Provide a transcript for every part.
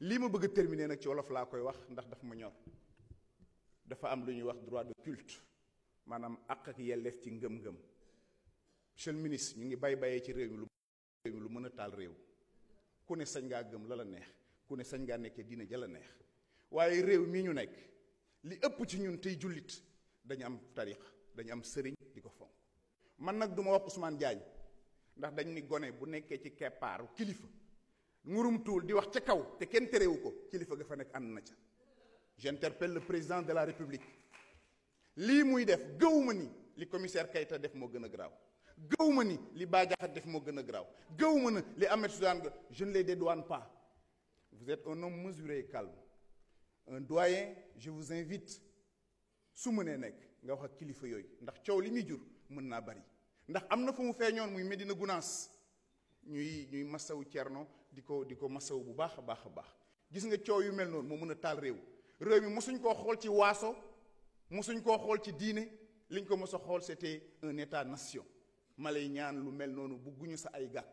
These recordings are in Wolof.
lii ma bëgg a terminer nag ci wolof laa koy wax ndax dafa ma ñor dafa am lu ñuy wax droit de culte maanaam àq ak yelleef ci ngëm-ngëm monsieur ministre ñu ngi bay bayee ci réew mi lu lu mën a taal réew ku ne sañ ngaa gëm la neex ku ne sañ ngaa nekkee diine ja neex waaye réew mii ñu nekk li ëpp ci ñun tey jullit dañu am tarix dañu am sëriñ di ko fonk man nag duma wax Ousmane Diagne ndax dañ ni gone bu nekkee ci keppaaru kilifa ngurum tuul di wax ci kaw te kenn terewu ko kilifa ga fa nek and na ca j'interpelle le président de la république li muy def gëwuma ni li commissaire kayta def mo gëna graw graaw ni li Bah def mo gëna graw graaw ni li Ahmed Suzanne je ne les dédouane pas vous êtes un homme mesuré et calme un doyen je vous invite su mënee nek nga wax ak kilifa yoy ndax ciow li muy jur mën na bari ndax amna fu mu feeñoon muy medina Gounass ñuy ñuy masawu cerno diko ko di ko masawu bu baax a baax gis nga coow mel non mo meuna tal rew rew mi musuñ ko xol ci waaso musuñ ko xol ci diine liñ ko mos xol c'était un état nation malay ñaan lu mel noonu bugguñu sa ay gak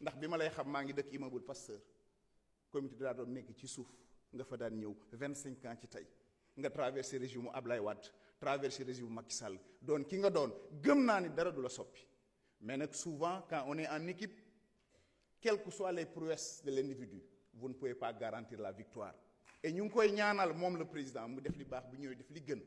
ndax bima lay xam ma ngi dëkk immeuble Pasteur comité la doon nekk ci souf nga fa daan ñew vingt cinq ans ci tay nga traverser régime Ablaye Wade traverser régime Macky Sall don ki nga don gëm naa ni dara du la soppi mais nak souvent quand on est en équipe quelles que soient les prouesses de l'individu vous ne pouvez pas garantir la victoire et ñu ngi koy ñaanal moom le président mu def li baax bu ñëwee def li gën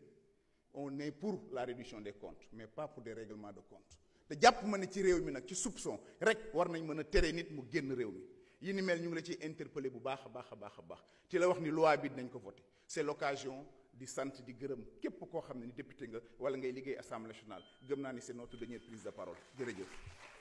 on est pour la réduction des comptes mais pas pour des règlements de comptes te jàpp ma ne ci réew mi nag ci soupçon rek war nañ mën a tere nit mu génn réew mi yi ni mel ñu ngi la ciy interpellé bu baax a baax a baax a baax ci la wax ni loi bi dinañ ko voté c'est l'occasion di sant di gërëm képp koo xam ne ni député nga wala ngay liggéey assemblée nationale gëm naa ni c'est notre dernière prise de parole jërëjëf